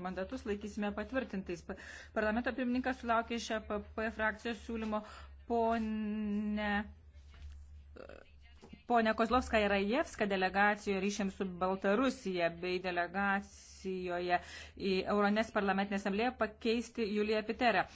mandatus laikysime patvirtintais. Parlamento pirmininkas sulaukė iš APP e frakcijos siūlymo ponę. Pone Kozlovska ir Rajevska delegacijoje ryšiams su Baltarusija bei delegacijoje į Euronės parlamentinę asamblėją pakeisti Juliją Piterę.